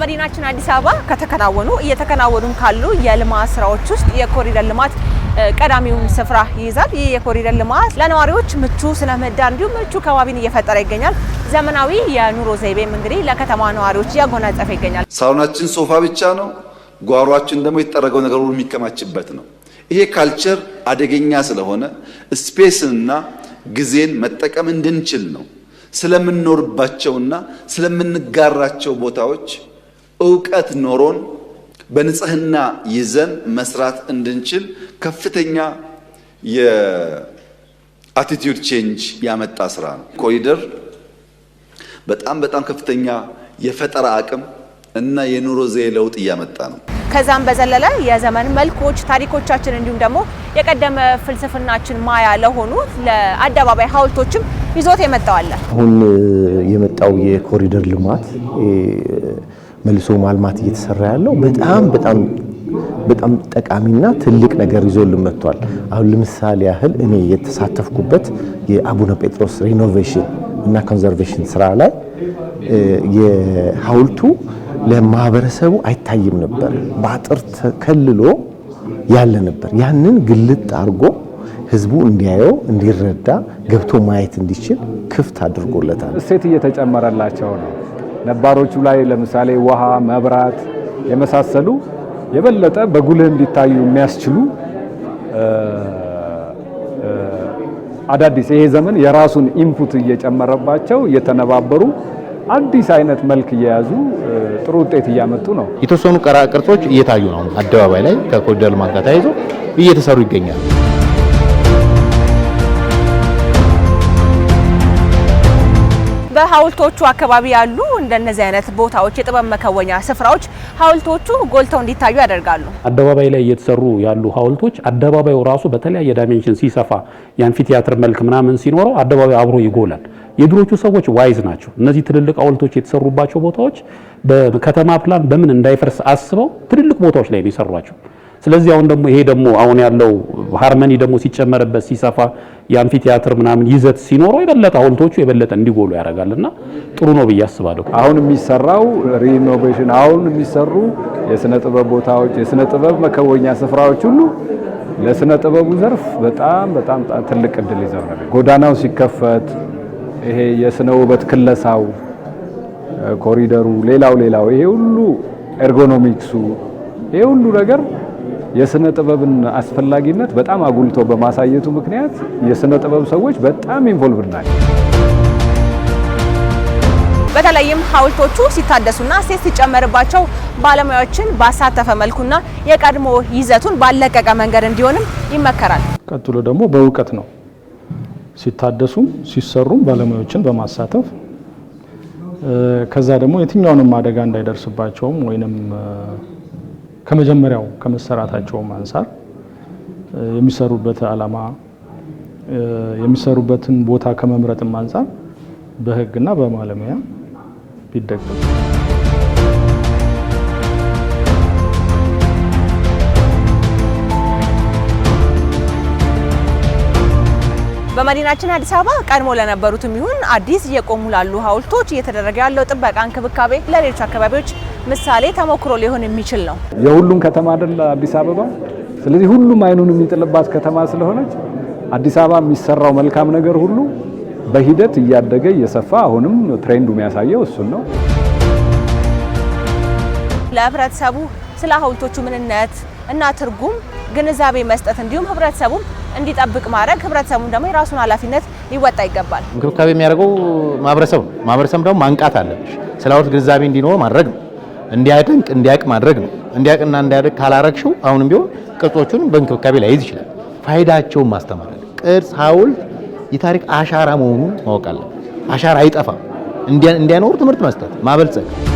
በመዲናችን አዲስ አበባ ከተከናወኑ እየተከናወኑም ካሉ የልማት ስራዎች ውስጥ የኮሪደር ልማት ቀዳሚውን ስፍራ ይይዛል። ይህ የኮሪደር ልማት ለነዋሪዎች ምቹ ስነ ምህዳር እንዲሁም ምቹ ከባቢን እየፈጠረ ይገኛል። ዘመናዊ የኑሮ ዘይቤም እንግዲህ ለከተማ ነዋሪዎች እያጎናጸፈ ይገኛል። ሳሎናችን ሶፋ ብቻ ነው፣ ጓሯችን ደግሞ የተጠረገው ነገር ሁሉ የሚከማችበት ነው። ይሄ ካልቸር አደገኛ ስለሆነ ስፔስንና ጊዜን መጠቀም እንድንችል ነው ስለምንኖርባቸውና ስለምንጋራቸው ቦታዎች እውቀት ኖሮን በንጽህና ይዘን መስራት እንድንችል ከፍተኛ የአቲቲዩድ ቼንጅ ያመጣ ስራ ነው። ኮሪደር በጣም በጣም ከፍተኛ የፈጠራ አቅም እና የኑሮ ዘዬ ለውጥ እያመጣ ነው። ከዛም በዘለለ የዘመን መልኮች፣ ታሪኮቻችን እንዲሁም ደግሞ የቀደመ ፍልስፍናችን ማያ ለሆኑ ለአደባባይ ሀውልቶችም ይዞት የመጣዋለን። አሁን የመጣው የኮሪደር ልማት መልሶ ማልማት እየተሰራ ያለው በጣም በጣም በጣም ጠቃሚና ትልቅ ነገር ይዞልን መጥቷል። አሁን ለምሳሌ ያህል እኔ የተሳተፍኩበት የአቡነ ጴጥሮስ ሪኖቬሽን እና ኮንዘርቬሽን ስራ ላይ የሐውልቱ ለማህበረሰቡ አይታይም ነበር፣ በአጥር ተከልሎ ያለ ነበር። ያንን ግልጥ አድርጎ ህዝቡ እንዲያየው እንዲረዳ ገብቶ ማየት እንዲችል ክፍት አድርጎለታል። እሴት እየተጨመረላቸው ነው። ነባሮቹ ላይ ለምሳሌ ውሃ፣ መብራት የመሳሰሉ የበለጠ በጉልህ እንዲታዩ የሚያስችሉ አዳዲስ ይሄ ዘመን የራሱን ኢንፑት እየጨመረባቸው እየተነባበሩ አዲስ አይነት መልክ እየያዙ ጥሩ ውጤት እያመጡ ነው። የተወሰኑ ቅርጾች እየታዩ ነው። አደባባይ ላይ ከኮሪደር ልማት ጋር ተያይዞ እየተሰሩ ይገኛል። በሀውልቶቹ አካባቢ ያሉ እንደነዚህ አይነት ቦታዎች የጥበብ መከወኛ ስፍራዎች ሀውልቶቹ ጎልተው እንዲታዩ ያደርጋሉ። አደባባይ ላይ እየተሰሩ ያሉ ሀውልቶች አደባባዩ ራሱ በተለያየ ዳይሜንሽን ሲሰፋ የአንፊቲያትር መልክ ምናምን ሲኖረው አደባባዩ አብሮ ይጎላል። የድሮቹ ሰዎች ዋይዝ ናቸው። እነዚህ ትልልቅ ሀውልቶች የተሰሩባቸው ቦታዎች በከተማ ፕላን በምን እንዳይፈርስ አስበው ትልልቅ ቦታዎች ላይ ነው የሰሯቸው። ስለዚህ አሁን ደግሞ ይሄ ደግሞ አሁን ያለው ሃርመኒ ደግሞ ሲጨመርበት ሲሰፋ የአምፊ ቲያትር ምናምን ይዘት ሲኖረው የበለጠ ሀውልቶቹ የበለጠ እንዲጎሉ ያደርጋልና ጥሩ ነው ብዬ አስባለሁ። አሁን የሚሰራው ሪኖቬሽን አሁን የሚሰሩ የስነ ጥበብ ቦታዎች፣ የስነ ጥበብ መከወኛ ስፍራዎች ሁሉ ለስነ ጥበቡ ዘርፍ በጣም በጣም ትልቅ እድል ይዘው ነው። ጎዳናው ሲከፈት ይሄ የስነ ውበት ክለሳው ኮሪደሩ፣ ሌላው ሌላው ይሄ ሁሉ ኤርጎኖሚክሱ ይሄ ሁሉ ነገር የስነ ጥበብን አስፈላጊነት በጣም አጉልቶ በማሳየቱ ምክንያት የስነ ጥበብ ሰዎች በጣም ኢንቮልቭ ናቸው። በተለይም ሐውልቶቹ ሲታደሱና ሴት ሲጨመርባቸው ባለሙያዎችን ባሳተፈ መልኩና የቀድሞ ይዘቱን ባለቀቀ መንገድ እንዲሆንም ይመከራል። ቀጥሎ ደግሞ በእውቀት ነው። ሲታደሱም ሲሰሩም ባለሙያዎችን በማሳተፍ ከዛ ደግሞ የትኛውንም አደጋ እንዳይደርስባቸውም ወይንም ከመጀመሪያው ከመሰራታቸውም አንጻር የሚሰሩበት ዓላማ የሚሰሩበትን ቦታ ከመምረጥም አንጻር በህግና በማለሙያ ቢደገም በመዲናችን አዲስ አበባ ቀድሞ ለነበሩትም ይሁን አዲስ እየቆሙ ላሉ ሀውልቶች እየተደረገ ያለው ጥበቃ፣ እንክብካቤ ለሌሎች አካባቢዎች ምሳሌ ተሞክሮ ሊሆን የሚችል ነው። የሁሉም ከተማ አይደል አዲስ አበባ። ስለዚህ ሁሉም አይኑን የሚጥልባት ከተማ ስለሆነች አዲስ አበባ የሚሰራው መልካም ነገር ሁሉ በሂደት እያደገ እየሰፋ አሁንም ትሬንዱ የሚያሳየው እሱን ነው። ለህብረተሰቡ ስለ ሀውልቶቹ ምንነት እና ትርጉም ግንዛቤ መስጠት እንዲሁም ህብረተሰቡ እንዲጠብቅ ማድረግ ህብረተሰቡ ደግሞ የራሱን ኃላፊነት ሊወጣ ይገባል። እንክብካቤ የሚያደርገው ማህበረሰቡ ነው። ማህበረሰቡ ደግሞ ማንቃት አለብሽ። ስለ አውርት ግንዛቤ እንዲኖር ማድረግ ነው። እንዲያደንቅ እንዲያቅ ማድረግ ነው። እንዲያቅና እንዲያደግ ካላረግሽው አሁንም ቢሆን ቅርጾቹን በእንክብካቤ ላይይዝ ይችላል። ፋይዳቸውን ማስተማር ቅርጽ ሀውልት የታሪክ አሻራ መሆኑን ማወቅ አለ። አሻራ አይጠፋም። እንዲያኖሩ ትምህርት መስጠት ማበልጸግ